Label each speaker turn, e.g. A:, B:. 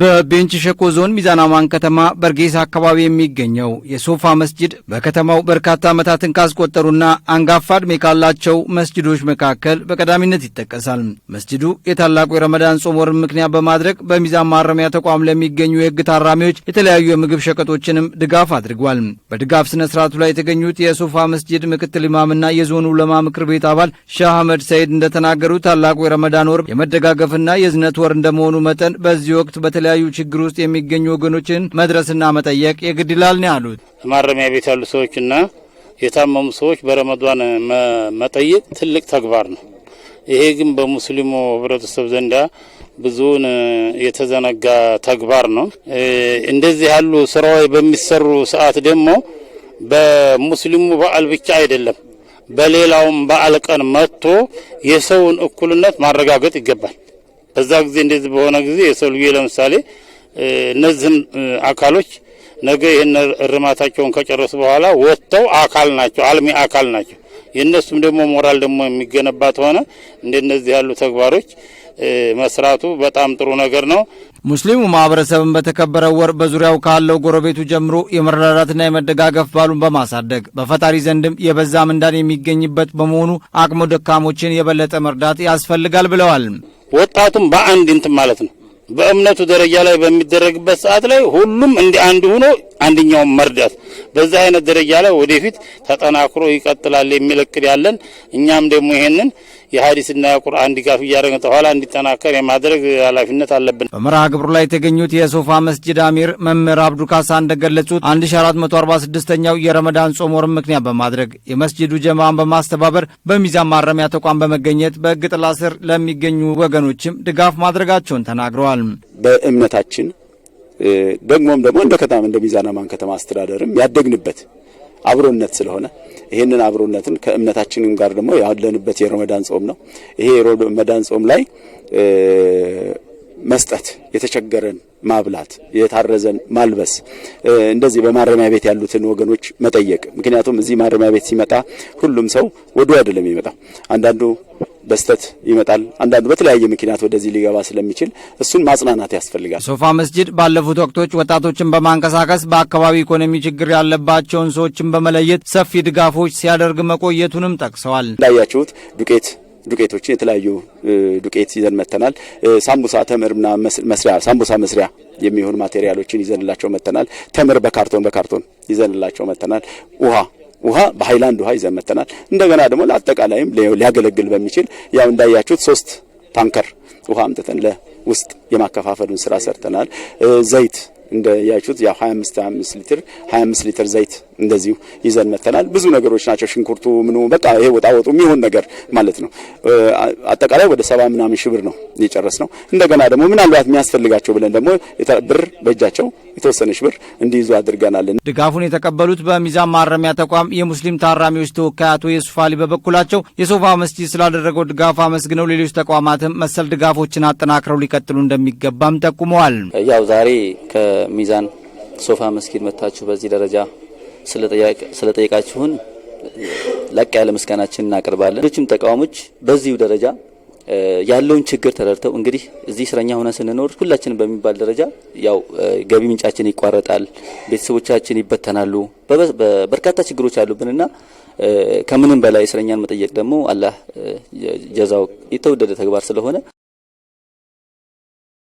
A: በቤንች ሸኮ ዞን ሚዛን አማን ከተማ በርጌሳ አካባቢ የሚገኘው የሶፋ መስጅድ በከተማው በርካታ ዓመታትን ካስቆጠሩና አንጋፋ ዕድሜ ካላቸው መስጅዶች መካከል በቀዳሚነት ይጠቀሳል። መስጅዱ የታላቁ የረመዳን ጾም ወርን ምክንያት በማድረግ በሚዛን ማረሚያ ተቋም ለሚገኙ የሕግ ታራሚዎች የተለያዩ የምግብ ሸቀጦችንም ድጋፍ አድርጓል። በድጋፍ ስነ ስርዓቱ ላይ የተገኙት የሶፋ መስጅድ ምክትል ኢማምና የዞኑ ለማ ምክር ቤት አባል ሻህ አህመድ ሰይድ እንደተናገሩት ታላቁ የረመዳን ወር የመደጋገፍና የዝነት ወር እንደመሆኑ መጠን በዚህ ወቅት በተለያዩ ችግር ውስጥ የሚገኙ ወገኖችን መድረስና መጠየቅ የግድላል ነው ያሉት።
B: ማረሚያ ቤት ያሉ ሰዎችና የታመሙ ሰዎች በረመዷን መጠየቅ ትልቅ ተግባር ነው። ይሄ ግን በሙስሊሙ ህብረተሰብ ዘንዳ ብዙውን የተዘነጋ ተግባር ነው። እንደዚህ ያሉ ስራዎች በሚሰሩ ሰዓት ደግሞ በሙስሊሙ በዓል ብቻ አይደለም፣ በሌላውም በዓል ቀን መጥቶ የሰውን እኩልነት ማረጋገጥ ይገባል። በዛ ጊዜ እንደዚህ በሆነ ጊዜ የሰው ልጅ ለምሳሌ እነዚህን አካሎች ነገ ይህን እርማታቸውን ከጨረሱ በኋላ ወጥተው አካል ናቸው፣ አልሚ አካል ናቸው። የእነሱም ደግሞ ሞራል ደግሞ የሚገነባት ሆነ እንደነዚህ ያሉ ተግባሮች መስራቱ በጣም ጥሩ ነገር ነው።
A: ሙስሊሙ ማህበረሰብን በተከበረው ወር በዙሪያው ካለው ጎረቤቱ ጀምሮ የመረዳዳትና የመደጋገፍ ባሉን በማሳደግ በፈጣሪ ዘንድም የበዛ ምንዳን የሚገኝበት በመሆኑ አቅሞ ደካሞችን የበለጠ መርዳት ያስፈልጋል ብለዋል።
B: ወጣቱም በአንድ እንትን ማለት ነው በእምነቱ ደረጃ ላይ በሚደረግበት ሰዓት ላይ ሁሉም እንደ አንድ ሆኖ አንደኛውም መርዳት በዛ አይነት ደረጃ ላይ ወደፊት ተጠናክሮ ይቀጥላል የሚል እቅድ ያለን እኛም ደግሞ ይሄንን የሀዲስና የቁርአን ድጋፍ እያደረገ ተኋላ እንዲጠናከር የማድረግ ኃላፊነት አለብን።
A: በመርሃ ግብሩ ላይ የተገኙት የሶፋ መስጅድ አሚር መምህር አብዱ ካሳ እንደገለጹት 1446ኛው የረመዳን ጾም ወርም ምክንያት በማድረግ የመስጅዱ ጀማን በማስተባበር በሚዛን ማረሚያ ተቋም በመገኘት በሕግ ጥላ ስር ለሚገኙ ወገኖችም ድጋፍ ማድረጋቸውን ተናግረዋል።
B: በእምነታችን ደግሞም ደግሞ እንደ ከተማ እንደ ሚዛን አማን ከተማ አስተዳደርም ያደግንበት አብሮነት ስለሆነ ይህንን አብሮነትን ከእምነታችንም ጋር ደግሞ ያለንበት የረመዳን ጾም ነው። ይሄ የረመዳን ጾም ላይ መስጠት፣ የተቸገረን ማብላት፣ የታረዘን ማልበስ፣ እንደዚህ በማረሚያ ቤት ያሉትን ወገኖች መጠየቅ። ምክንያቱም እዚህ ማረሚያ ቤት ሲመጣ ሁሉም ሰው ወዶ አይደለም የሚመጣው። አንዳንዱ በስተት ይመጣል። አንዳንዱ በተለያየ ምክንያት ወደዚህ ሊገባ ስለሚችል እሱን ማጽናናት ያስፈልጋል።
A: ሶፋ መስጂድ ባለፉት ወቅቶች ወጣቶችን በማንቀሳቀስ በአካባቢ ኢኮኖሚ ችግር ያለባቸውን ሰዎችን በመለየት ሰፊ ድጋፎች ሲያደርግ መቆየቱንም ጠቅሰዋል።
B: እንዳያችሁት ዱቄት ዱቄቶችን የተለያዩ ዱቄት ይዘን መተናል። ሳምቡሳ ተምር ምናምን መስሪያ ሳምቡሳ መስሪያ የሚሆን ማቴሪያሎችን ይዘንላቸው መተናል። ተምር በካርቶን በካርቶን ይዘንላቸው መተናል። ውሃ ውሃ በሃይላንድ ውሃ ይዘመተናል እንደገና ደግሞ ለአጠቃላይም ሊያገለግል በሚችል ያው እንዳያችሁት ሶስት ታንከር ውሃ አምጥተን ለውስጥ የማከፋፈሉን ስራ ሰርተናል። ዘይት እንደ ያችሁት ያ 25 25 ሊትር 25 ሊትር ዘይት እንደዚሁ ይዘን መተናል። ብዙ ነገሮች ናቸው። ሽንኩርቱ ምኑ በቃ ይሄ ወጣ ወጡ የሚሆን ነገር ማለት ነው። አጠቃላይ ወደ ሰባ ምናምን ሺህ ብር ነው የጨረስ ነው። እንደገና ደግሞ ምናልባት የሚያስፈልጋቸው ብለን ደግሞ ብር በእጃቸው የተወሰነች ብር እንዲይዙ አድርገናል።
A: ድጋፉን የተቀበሉት በሚዛን ማረሚያ ተቋም የሙስሊም ታራሚዎች ተወካይ አቶ የሱፍ አሊ በበኩላቸው የሶፋ መስጂድ ስላደረገው ድጋፍ አመስግነው ሌሎች ተቋማትም መሰል ድጋፎችን አጠናክረው ሊቀጥሉ እንደሚገባም ጠቁመዋል።
B: ያው ዛሬ ሚዛን ሶፋ መስጊድ መታችሁ በዚህ ደረጃ ስለጠየቃችሁን ላቅ ያለ ምስጋናችን እናቀርባለን። ሌሎችም ተቃዋሞች በዚሁ ደረጃ ያለውን ችግር ተረድተው እንግዲህ እዚህ እስረኛ ሆነ ስንኖር ሁላችን በሚባል ደረጃ ያው ገቢ ምንጫችን ይቋረጣል፣ ቤተሰቦቻችን ይበተናሉ፣ በርካታ ችግሮች አሉብንና ከምንም በላይ እስረኛን መጠየቅ ደግሞ አላህ ጀዛው የተወደደ ተግባር ስለሆነ